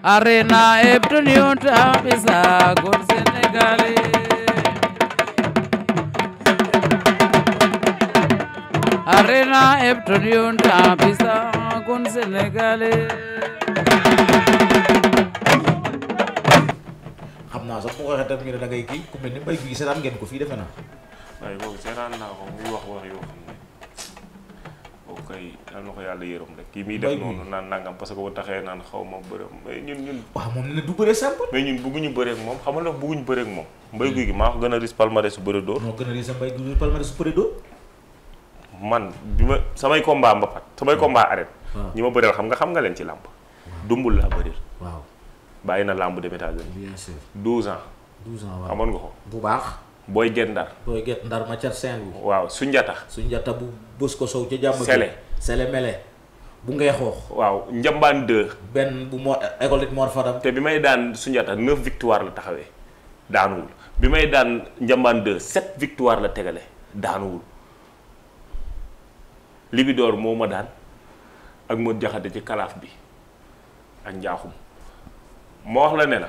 arena hebtu niunta bisa gol Sénégalais arena xam naa sax ku ko waxee tam ngeen kii ku mel ni mbay gi seetaan ngeen ko fii defe naa waaye boobu naa ko muy wax wax yoo xam koy yal na ko yàlla yërëm rek kii muy def noonu naan nangam parce que bu taxee naan xaw ma bëre mais ñun ñun waaw moom moom xam nga nag bëgguñu moom mbay guy maa ko gën a ris su bëre a ris man bi ma samay combat mbapat samay combat arrêt ñi ma bëreel xam nga xam nga leen ci làmb dumbul laa bëreel bàyyi na làmb dem États-Unis bien sûr 12 ans 12 ans waaw amoon nga ko bu baax booy get ndar booy get ndar ma ca Saint-Louis waaw su njata su njata bu bës ko sow ca jàmm sele mele bu ngay xoox waaw njambaan 2 benn bu moo école it Mor Fadam te bi may daan Sundiata neuf victoire la taxawee daanuwul bi may daan njambaan 2 sept victoire la tegale daanuwul Libidoor moo ma daan ak ma jaxate ci kalaaf bi ak njaaxum moo wax la ne la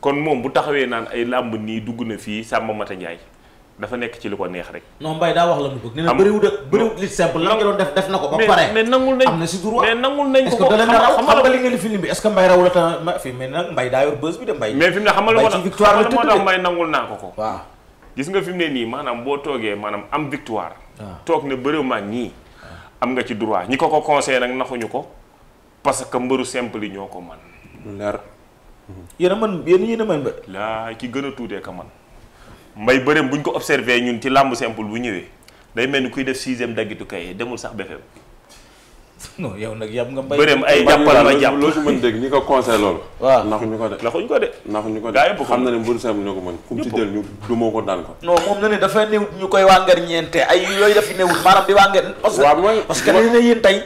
kon moom bu taxawee naan ay làmb nii dugg na fii Samba Mata Ndiaye dafa nekk ci li ko neex rek. non mbay daa wax la mu bëgg. nee na bëriwul de bëriwul li simple la nga doon def na ko. ba pare mais nangul de Mbaye. mais fi mu ne xamal moo tax naa ko ko. waaw gis nga fi mu ne nii maanaam boo toogee maanaam am victoire. toog ne bëriw ma ñii. am nga ci droit ñi ko ko conseil nag naxuñu ko parce que mbëru simple yi ñoo ko man leer yéen a mën yéen yéen a mën laa ki gën a tuutee ka man mbay bëreem bu ñu ko observé ñun ci làmb simple bu ñëwee day mel ni kuy def sixième daggitu kay demul sax BFM. non yow nag yab nga mbay. bëreem ay jàppal la jàpp loo ci mën dégg ñi ko conseil loolu. waaw naxuñu ko de. naxuñu ko de. naxuñu ko de gaa yëpp xam na ne mburu simple ñoo ko mën. kum ci jël ñu ko daan ko. non moom na ne dafa néew ñu koy wàngar ñeente ay yooyu dafa néewul maanaam di wàngar. waaw mooy parce que dañu ne yéen tey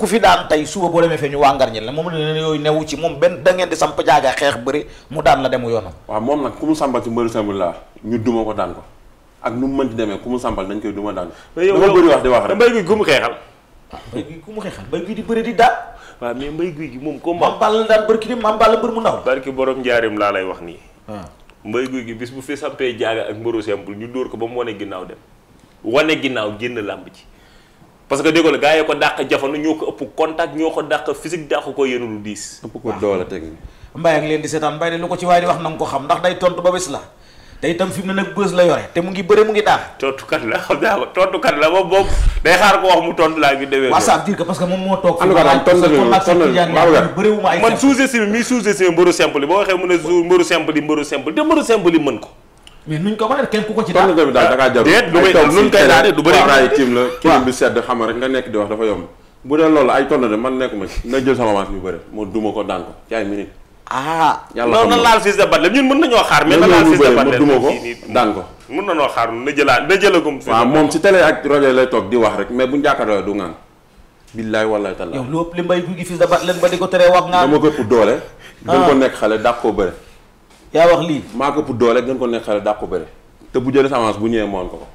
ku fi daan tey suba boo demee fee ñu ngar ñi la moom la ne yooyu newu ci moom benn da ngeen di samp jaaga xeex bëri mu daan la demu yoonam waaw moom nag ku mu sàmbati mbëri sàmbal ko daan ko ak nu mu mënti demee ku mu sàmbal dañ koy duma daan ko wax di wax rek mbay guy ku mu xeexal ku ah, mu xeexal mbay di bëri di daan mais mbay guy gi moom comme maam bàll la daan bërki di maam bàll mbër mu ndaw barki laa lay wax nii ah. mbay guy gi bis bu fi sampee jaaga ak mbëru sembul ñu dóor ko ba mu wane ginnaaw dem wane ginnaaw génn làmb ci parce que déggoo la gars yi ko dàq jafanu ñoo ko ëpp contact ñoo ko dàq physique dàq ko yéenu lu diis. ëpp ak leen di seetaan Mbaye de lu ko ci waaye di wax na nga ko xam ndax day tontu ba bés la te itam fi ne nag bés la yore te mu ngi bëre mu ngi daax. tontukat la xam naa ko tontukat la moom moom day xaar ko wax mu tontu laa ngi demee. waaw parce que moom moo toog. ànd ko daal tontu la loolu tontu la bëriwuma ay. mbëru simple yi waxee mu ne mbiru simple yi mbiru simple mais nuñ ko mën a kenn ko ci daal daal da ngaa jarul déet lu may nuñ koy daane la kilim bi sedd xam di wax dafa yomb bu dee loolu ay tonn de man nekkuma ci na jël sama ko daan moom ci télé lay toog di wax rek mais buñ jàkkaarloo du ngaan billaay wallaay tallaay yow lu li mbay guy gi fils ba di ko teree wax ngaan dama ko ëpp doole gën ko ah. nekk xale dàq koo bëre yaa wax lii. maa ko doole gën ko nekk xale daa bëre te bu jël sa avance bu ñëwee moon ko ko.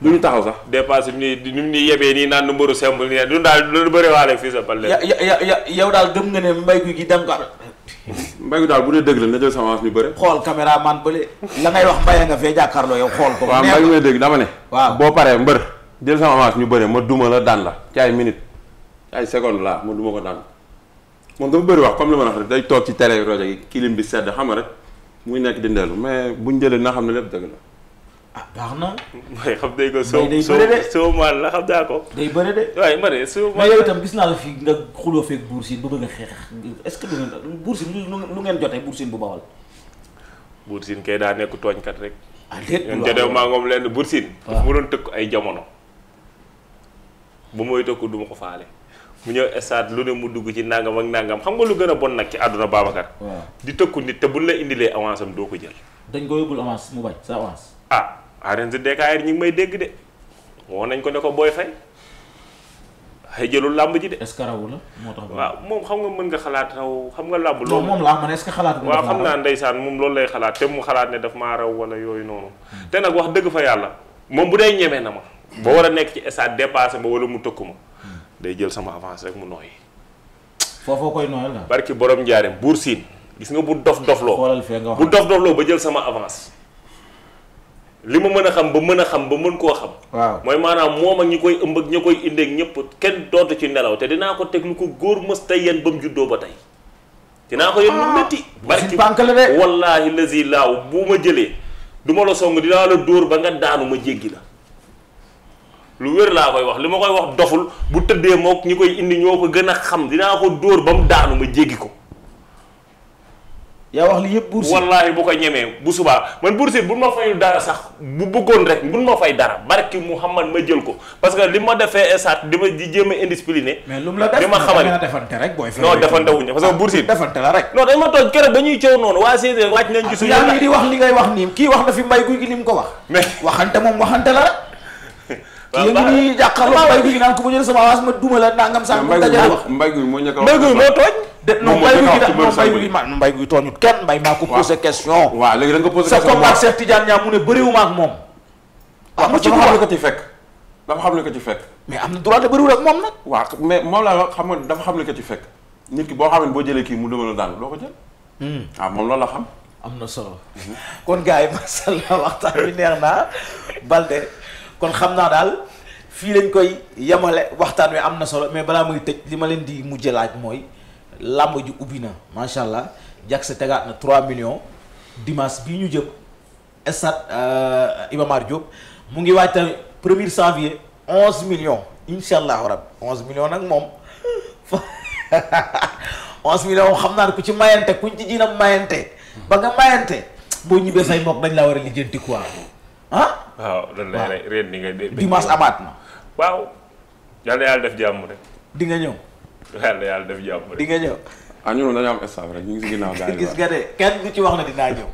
du ñu taxaw sax. dépassé ni ni mu ni yebee nii naan numéro simple nii du daal lu bëre waale fii sa balle. yow daal gëm nga ne mbay gu gi dem ko mbay gu daal bu dee dëgg la na jël sa avance ñu bëre. xool caméra man bële la ngay wax mbay nga fee jàkkaarloo yow xool ko. waaw mbay may dama ne. boo paree mbër jël sama ñu bëre ma duma la daan la ci ay minute ay seconde la ma duma ko daan moom dafa bëri wax comme li ma la wax rek day toog ci télé rajo yi kilim bi sedd xam nga rek muy nekk di ndeelu bu buñ jëlee na xam ne lépp dëgg la. ah baax na. waaye xam day ko soo soo maal la xam daa ko. day bëri de. waaye ma de soo maal mais gis naa la fi nga xuloo feeg buur siin ba bëgg a xeex est-ce que buur siin lu ngeen jotee buur siin bu bawal. buur siin kay daa nekk tooñkat rek. ah déet waaw ñun jotee maa ngoom lenn buur siin. waaw doon tëkk ay jamono. bu mooy tëkk du ma ko faale. mu ñëw stade lu ne mu dugg ci nangam ak nangam xam nga lu gën a bon nag ci àdduna Babacar. di tëkku nit te buñ la indilee avance am doo ko jël. dañ ko yóbbul avance mu bañ sa avance. ah arène DKR ñi may dégg de nañ ko ne ko booy fay xëy jëlul làmb ji de. est-ce moo tax. waaw moom xam nga mën nga xalaat raw xam nga làmb. loolu moom laa man est-ce que xalaat. waaw xam naa ndeysaan moom loolu lay xalaat te mu xalaat ne daf maa raw wala yooyu noonu. Hmm. te nag wax dëgg fa yàlla moom bu dee ñemee na ma. ba war a nekk ci stade dépassé ma wala mu tëkku ma day jël sama avance rek mu nooy. foofoo koy nooyal la. barki borom njaareem buur siin gis nga bu dof dofloo. xoolal bu dof dofloo ba jël sama avance. li ma mën a xam ba mën a xam ba mën koo xam. mooy maanaam moom ak ñi koy ëmb ak ñi koy indeeg ñëpp kenn dootu ci nelaw te dinaa ko teg lu ko góor mës tey yéen ba mu juddoo ba tey. dinaa ko yéen lu ah, métti. barki wallaahi lazi laaw bu ma jëlee. du ma la song dinaa la dóor ba nga daanu ma jéggi la. lu wér laa koy wax li ma koy wax doful bu tëddee mook ñi koy indi ñoo ko gën a xam dinaa ko dóor ba mu daanu ma jéggi ko. yaa wax li yëpp Boury wallaahi bu ko ñemee bu subaa man Boury bu ma fayul dara sax bu bëggoon rek bu ma fay dara barki Muhammad ma jël ko parce que li ma defee esaat di ma di jéem a indiscipliné. mais lu mu la def ma xamal defante rek booy. non defante wuñu parce que Boury defante la rek. non dañ ma toog keroog dañuy coow noonu waa CEDE wàcc nañ ci yaa ngi di wax li ngay wax nii kii wax na fi mbay guy gi ni mu ko wax. mais waxante moom waxante la rek. waaw baax na jàkkaarloo mbay guy gi mbay guy moo ñàkk a da ko posé question. waaw léegi da nga ko posé question sa combat ne bëriwuma moom. ah ma ci dama xam ne xam ne ko ci fekk. mais am na droit de bëriwul ak moom nag. waaw mais moom laa xam nga dafa xam ne ko ci fekk nit ki boo xam ne boo jëlee kii mu duma la daan doo ko jël. waaw hmm. ah, moom loolu la xam. am na solo hmm. kon gars yi macha allah waxtaan bi neex naa Balde kon xam naa daal fii lañ koy yemale waxtaan wi am na solo mais balaa muy tëj li ma leen di mujj laaj mooy làmb ju ubbi na macha allah jag sa tegaat na 3 millions dimanche bii ñu jëm stade euh, Iba Mar Diop mu ngi waaj tamit premier janvier 11 millions incha allahu rabi 11 millions nag moom. 11 millions xam naa ne ku ci mayante kuñ ci jiina mayante ba nga mayante boo ñibbee say mbokk dañ laa war a lijjanti quoi ah. waaw loolu lay rey ren di nga. dimanche amaat ma waaw yàlla yàlla def jàmm rek. di nga ñëw. yàlla yàlla def jàmm rek di nga ñëw. ah ñun dañoo am staff rek ñu ngi si ginnaaw gars yi gis nga de kenn du ci wax na dinaa ñëw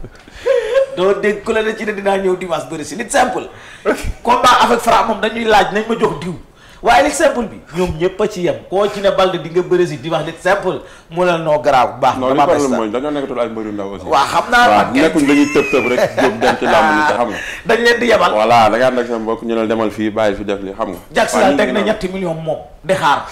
doo dégg ku la ne ci ne dinaa ñëw dimanche bëri si nit simple. combat avec Fra moom dañuy laaj nañ ma jox diw. waaye lit simple bi ñoom ñëpp a ci yem koo ci ne Balde di nga Brésil di wax lit simple mu la noo garaaw bu baax. damaa baax sax mooy dañoo nekkatul ay mbëru ndaw aussi. waa xam naa waaw nekkuñ dañuy tëb tëb rek dem ci làmb ni te dañ leen di yebal voilà da ngaa ànd ak sa mbokk ñu ne demal fii bàyyi fi def li xam nga. waaw ñu ngi naan Jackson teg na ñetti million moom di xaar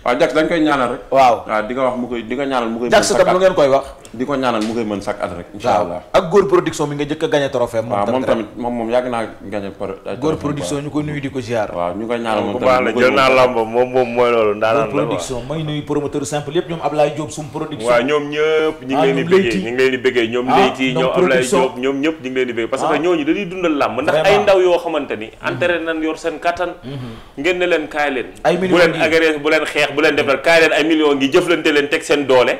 waaw Jax dañ koy ñaanal rek. waaw waaw di nga wax mu koy di nga ñaanal mu koy. Jax tam lu ngeen koy wax. di ko ñaanal mu koy mën chaque at rek. incha allah ak góor production bi nga njëkk a gagné trophée. moom tamit waaw moom tamit moom moom yàgg naa gagné. góor production ñu ko nuyu di ko ziar. waaw ñu koy ñaanal moom tamit jël naa lambam moom moom mooy loolu. ndaanaan la waaw góor production may nuyu promoteur simple yëpp ñoom Ablaye Diop sum production. waaw ñoom ñëpp ñu ngi ah, leen di bëggee ñu ngi leen di bëggee ñoom ah, léegi ñoom Ablaye Diop ñoom ñëpp ñu ngi leen di bëggee parce que ah. ñooñu dañuy dundal làmb ndax ay ndaw yoo xamante ni mm-hmm. entraîné nañ yor seen kattan mm-hmm. ngeen ne leen kaay leen bu leen agré bu leen xeex bu leen defal kaay leen ay millions ngi jëflante leen teg seen doole.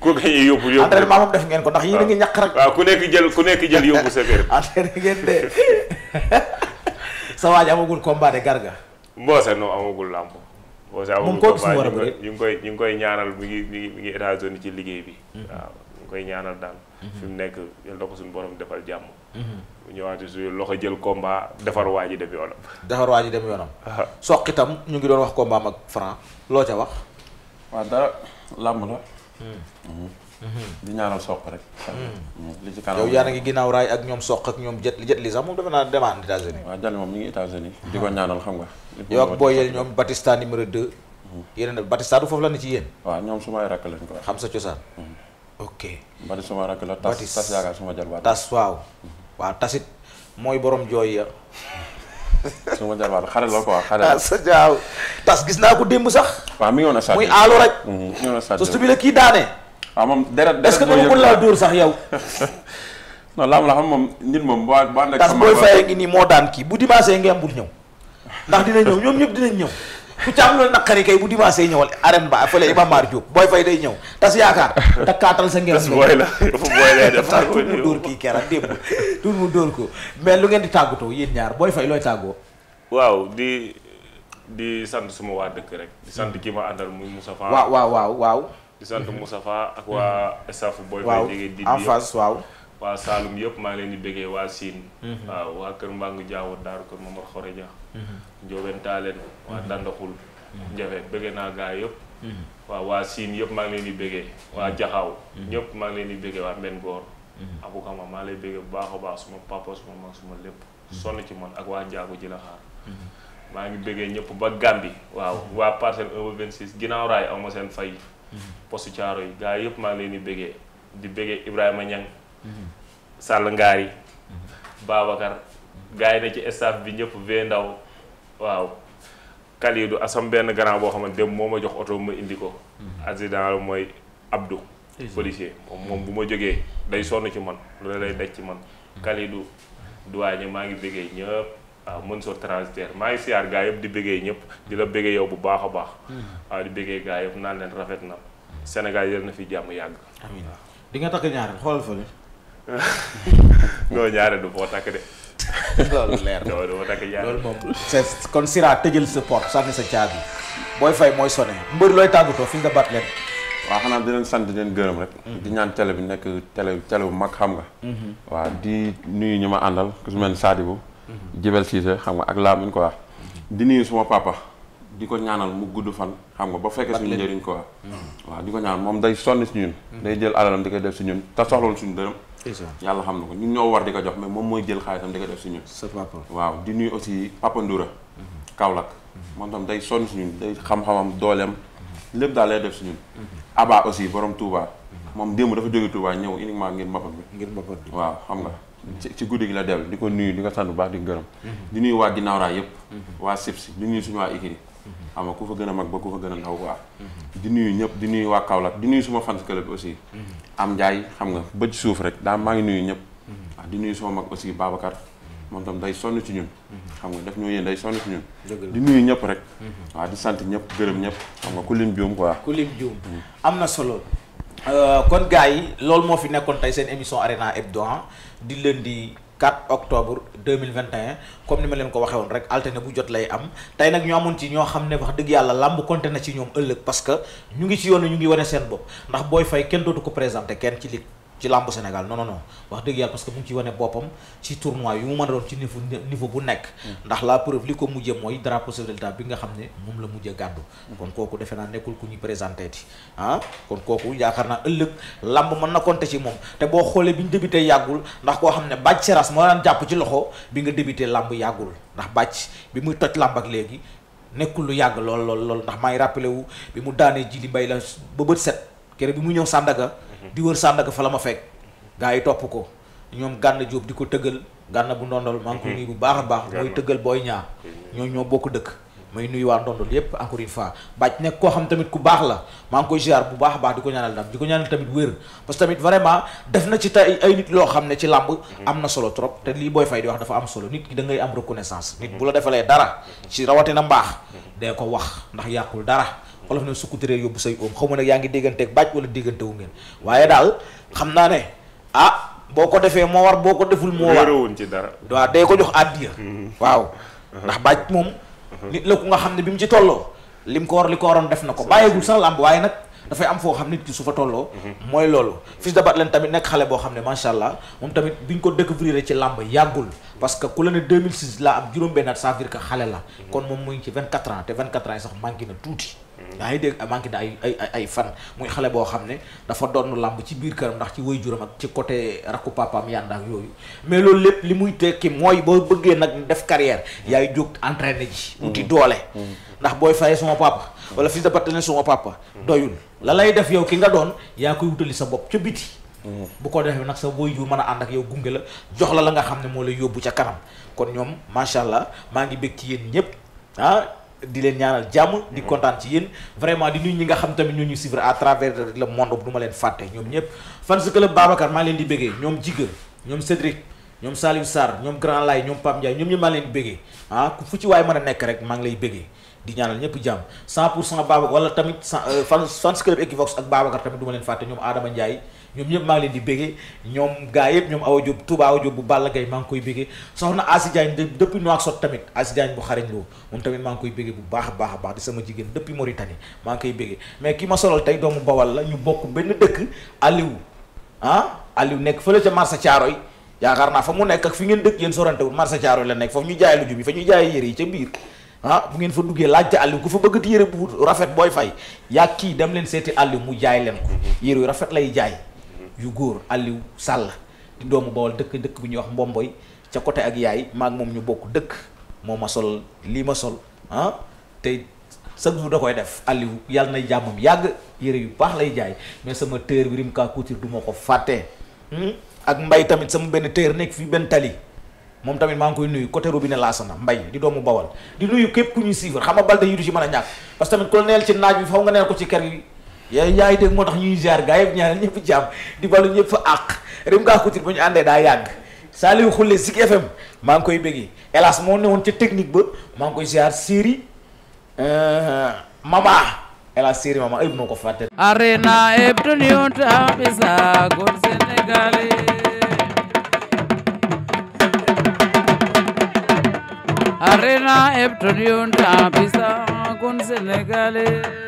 ku gañe yóbbu yóbbu entraînement moom def ngeen ko ndax yii da ngi ñàkk rek. waaw ku nekk jël ku nekk jël yóbbu sa kër. entraîné ngeen de sa waaj amagul combat de garga. Mboose non amagul làmb. Mboose amagul combat ñu ngi koy ñu ngi koy ñaanal mi ngi mi ngi mi ngi États-Unis ci liggéey bi. Mhm. waaw ñu ngi koy ñaanal daal. Mhm. fi mu nekk yal na ko suñu borom defal jàmm. bu ñëwaatee su loxo jël combat defar waa ji dem yoonam. defar waa ji dem yoonam. soq itam ñu ngi doon wax combat ak franc loo ca wax. waa dara làmb la. Hmm. Hmm. Hmm. di ñaanal soq rek. li ci kanam yow yaa ngi ginnaaw raay ak ñoom soq ak ñoom jet jet li sax moom defe naa demaan États-Unis. waaw Jalle moom mi ngi États-Unis di ñaanal xam nga. yow ak booyel ñoom Batista numéro 2. yéen a Batista du foofu la ne ci yéen. waaw ñoom su may rakk lañ ko xam sa cosaan. ok. Batista su ma rakk la tas tas waaw tasit mooy borom jooy ya su ma jarbaat xale la quoi xale la ah, sa jaaw tas gis naa ko démb sax. waaw mi ngi woon a muy aalu rek. Mm, mi ngi a sustu bi kii daane. waaw ah, moom deret deret est laa dóor sax yow. non laa la xam moom nit moom bu ànd ak. tas booy fayee ngi nii moo daan kii bu dimanche ngeen bul ñëw ndax dina ñëw ñoom ñëpp dinañ ñëw. ku ci am loolu naqari kay bu dimanche yi ñëwal arène ba fële Iba Mar booy fay day ñëw tas yaakaar takkaatal sa ngeen booy la booy lay def tax dóor ko mais lu ngeen di tàggatoo yéen ñaar booy fay looy tàggoo waaw di di sant suma waa dëkk rek di sant ki ma àndal muy Moussa Fall waaw waaw waaw di sant Moussa Fall ak mm-hmm. waa staff booy fay jege waaw waa Saalum yëpp maa ngi leen di bëggee waa Siin mhm. waaw waa Kër Mbang Jaaw Daaru Kër Momar Xoreja mhm. Njoobeen Taaleen waa Dandaxul mhm. Jafe bëggee naa gaa yëpp waaw waa Siin yëpp maa ngi leen di bëggee waa Jaxaaw ñëpp maa ngi leen di bëggee waa Mbenn Goor bu baax a suma papa suma mag suma ci man ak waa Njaago ji maa ngi bëggee ñëpp ba Gàmbi waaw waa parcelle 1 ba 26 ginnaaw raay aw fay postu caaro yi gaa yëpp maa ngi leen di bëggee di bëggee Ibrahima Niang Sall Ngaari mhm. Babacar gaa yi ne ci staff bi ñëpp ve ndaw waaw Kalidou asam benn grand boo xamante dem moo ma jox oto ma indi ko mhm. accident mooy abdu policier moom bu ma jógee day sonn ci man loolu lay daj ci man mhm. Kalidou duwaañe maa ngi bëggee ñëpp waaw mën soo transitaire maa ngi siyaar gaa yëpp di bëggee ñëpp di la bëggee yow bu baax a baax waaw di bëggee gaa yëpp naan leen rafet na Sénégal yal na fi jàmm yàgg amiin takk ñaar xoolal fële non ñaare du boo takk de. loolu leer na loolu boo takk ñaare loolu moom. c'est kon Sira tëjal sa porte sànni sa caabi booy fay mooy sonné mbër looy tàggatoo fi nga baat leen. waaw xanaa di leen sant di gërëm rek. Mm-hmm. di ñaan télé bi nekk télé télé bu mag xam nga. Mm-hmm. waaw di nuyu ñu ma àndal ku su mel ni Sadibou. Mm-hmm. Jibel xam nga ak Lamine quoi. di nuyu suma papa. di ko ñaanal mu gudd fan xam nga ba fekkee suñu njëriñ ko mm. waaw di ko ñaanal moom day sonn si ñun mm. day jël alalam di ko def si ñun te soxloon suñu dërëm yàlla xam na ko ñun ñoo war di ko jox mais moom mooy jël xaalisam di ko def si waaw di nuyu aussi Papa Ndoura mm-hmm. Kaolack mm-hmm. moom tam day sonn si ñun day xam-xamam dooleem mm-hmm. lépp daal lay def si Aba aussi borom Touba moom démb dafa jóge Touba ñëw uniquement ngir mbapat ngir mbapat bi waaw xam nga ci guddi gi la dellu di ko nuyu di ko sant bu baax di gërëm di nuyu waa ginnaaw raay yëpp waa sibsi di nuyu suñu waa ikiri Mm-hmm. ama ku fa gën a mag ba ku fa gën a ndaw quoi mm-hmm. di nuyu ñëpp di nuyu waa Kaolack di nuyu suma fans club aussi mm-hmm. am Ndiaye xam nga bëj suuf rek daa maa ngi nuyu ñëpp ah, di nuyu suma mag aussi Babacar moom tam day sonn ci ñun xam nga def ñoo yéen day sonn ci ñun di nuyu ñëpp rek waaw di sant ñëpp gërëm ñëpp xam nga ku lim juum ko ku lim juum am na solo euh, kon gaa yi loolu moo fi nekkoon tey seen émission Arena Hebdo ah. di leen di 4 octobre 2021 comme ni ma leen ko waxee woon rek alterné bu jot lay am tey nag ñu amoon ci ñoo xam ne wax dëgg yàlla làmb compté na ci ñoom ëllëg parce que ñu ngi ci yoon ñu ngi wane seen bopp ndax booy fay kenn dootu ko présenté kenn ci lig ci làmbu Sénégal non wax dëgg yàlla parce que mu ngi ci wane boppam ci tournoi yu mu mën a doon ci niveau niveau bu nekk mm. ndax laa preuve li ko mujjee mooy drapeau chef de l'État bi nga xam ne moom la mujjee gàddu mm. kon kooku defe naa nekkul ku ñu présenté ti ah kon kooku yaakaar naa ëllëg làmb mën na compter ci moom te boo xoolee bi ñu débuté yàggul ndax koo xam ne bàcc seras moo daan jàpp ci loxo bi nga débuté làmb yàggul ndax bàcc bi muy toj làmb ak léegi nekkul lu yàgg lool lool lool ndax maa ngi wu bi mu daanee ji mbay la ba bët set kere bi mu ñëw sàndaga mhm. di wër Sandaga fa la ma fekk gaa yi topp ko ñoom Gana Diop di ko tëggal Gana bu ndondol maa ngi koy mhm. nuyu bu baax a baax mooy tëggal booy ñaar mhm. ñoo ñoo bokk dëkk may nuyu waa ndondol yépp encore une fois bàcc nekk koo xam tamit ku baax la maa ngi koy ziar bu baax a baax di ko ñaanal ndam di ko ñaanal tamit wér parce que tamit vraiment def na ci tey ay nit loo xam ne ci làmb am na solo trop te lii booy fay di wax dafa am solo nit ki da ngay am reconnaissance nit bu la defalee dara ci rawatina mbaax dee ko wax ndax yàqul dara olof na sukkutéréer yóbbu say oom xaw ma nag yaa ngi dégganteeg bàcc wala déggante wu ngeen waaye daal xam naa ne ah boo ko defee moo war boo ko deful moo war wóorewuñ ci dara waaw day ko jox àddiya mm-hmm. waaw uh-huh. ndax bàcc moom uh-huh. nit la ku nga xam ne bi mu ci tolloo lim ko war li ko waroon def na ko bàyyeegul sax làmb waaye nag dafay am foo xam nit ki su fa tolloo mm-hmm. mooy loolu fils de Batlen tamit nekk xale boo xam ne macha allah moom tamit bi ñu ko découvrir ci làmb yàggul parce que ku la ne 2006 laa yaa ngi dégg manqué na ay ay ay fan muy xale boo xam ne dafa doon làmb ci biir këram ndax ci wëy juram ak ci côté rakku papaam yànda ak yooyu mais loolu lépp li muy tekki mooy boo bëggee nag def carrière yaay jóg entraîné ji uti mm. doole mm. ndax booy fayee suma papa mm. wala fils de partenaire suma papa doyul la lay def yow ki nga doon yaa koy wutali sa bopp ca biti bu ko defee nag sa booy jur man a ànd ak yow gunge la jox la la nga xam ne moo lay yóbbu ca kanam kon ñoom macha allah maa ngi bég ci yéen ñëpp ah di leen ñaanal jàmm di mm-hmm. kontaan ci yéen vraiment di nuyu ñi nga xam tamit ñu ñu suivre à travers le monde du ma leen fàtte ñoom ñëpp fan si club maa ngi leen di bëggee ñoom Jiga ñoom Cédric ñoom Saliou sar ñoom Grand Lay ñoom Pape Ndiaye ñoom ñi maa leen di bëggee ah fu ci waaye mën a nekk rek maa ngi lay bëggee di ñaanal ñëpp jàmm 100 pour cent Babacar wala tamit fan fan si club Equivox ak Babacar tamit du leen fàtte ñoom Adama Ndiaye ñoom ñëpp maa ngi leen di béggee ñoom gaa yëpp ñoom Awa Diop Touba Awa Diop bu Balla Gaye maa ngi koy béggee soxna Asi Diagne depuis Nouakchott tamit Asi Diagne bu xarañ loo moom tamit maa ngi koy béggee bu baax a baax a baax di sama jigéen depuis Mauritanie maa ngi koy béggee mais ki ma solal tey doomu Bawal la ñu bokk benn dëkk Aliou ah Aliou nekk fële ca marché Thiaroy yaakaar naa fa mu nekk ak fi ngeen dëkk yéen sorantewul marché Thiaroy la nekk foofu ñu jaay fa ñu jaay yére yi ca biir ah bu fa duggee laajte Aliou ku fa bëggati yére bu rafet booy fay yaa kii dem leen seeti Aliou mu jaay leen ko mm-hmm. yére yu rafet lay jaay yu góor Aliou Sall di doomu Bawol dëkk dëkk bu ñuy wax Mbomboy ca côté ak yaay maak moom ñu bokk dëkk moo ma sol lii ma sol ah te chaque jour da koy def Aliou yàlla na jàmmam yàgg yére yu baax lay jaay mais sama téer bi Rimka Couture du ma ko fàtte hmm? ak mbay tamit sama benn téer nekk fii benn tali moom tamit maa ngi koy nuyu côté robinet laasana mbay di doomu Bawol di nuyu képp ku ñuy suivre xam nga balde yi du ci mën a ñàkk parce tamit ku la neel ci naaj bi yaa yaa ngi moo tax ñuy ziar gaa yëpp ñaanal ñëpp jàmm di balu ñëpp fa àq Rim Gaz Couture bu ñu àndee daa yàgg Saliou Khoule Zik FM maa ngi koy bëggee hélas moo woon ca technique ba maa ngi koy ziar série eh, mama hélas série mama ay bu ma ko fàtte. arena ebtu niwut abisa gol sénégalais arena ebtu niwut